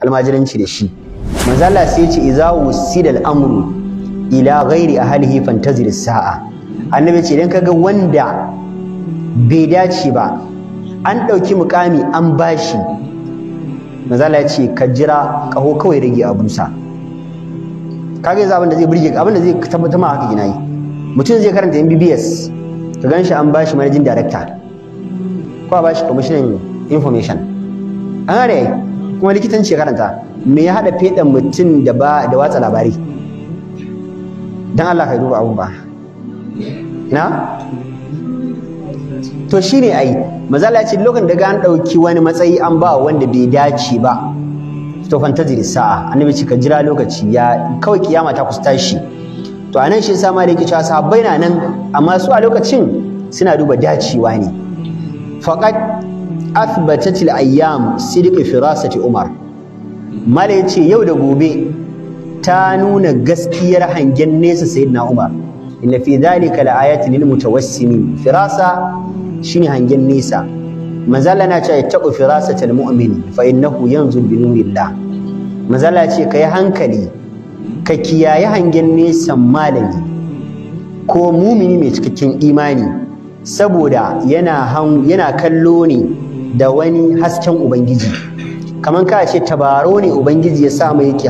almajiranci da shi manzala sai ce iza wusidal amru ila ghairi ahlihi fantazir sa'a annabi ce idan kaga wanda bai dace ba an ɗauki mukami an bashi manzala ya ce ka jira kaho kawai rage a busa kaga yanzu abin da zai burge abin da zai tabbata ma haka gina yi mutum zai karanta MBBS ka gan shi an bashi managing director ko a bashi commissioning information an gane kuma likitanci ya karanta me ya haɗa feɗan mutum da ba da watsa labari dan Allah ka duba abun ba na to shine ai mazala ya ce lokacin da ga an ɗauki wani matsayi an ba wanda bai dace ba to fantazir sa'a annabi ce ka jira lokaci ya kawai kiyama ta kusa tashi to anan shi yasa ma da yake cewa sahabbai na nan amma su a lokacin suna duba dacewa ne faqat athbatatil ayyam sidqi firasati umar mala yace yau da gobe ta nuna gaskiyar hangen nesa sayyidina umar inna fi dhalika laayatin lil mutawassimin firasa shine hangen nesa manzala na ce taqu firasatil mu'min fa innahu yanzu bi nurillah manzala ce kai hankali ka kiyaye hangen nesan malami ko mumini mai cikakken imani saboda yana kallo ne da wani hasken ubangiji kamar ka ce tabaro ne ubangiji ya sa mai yake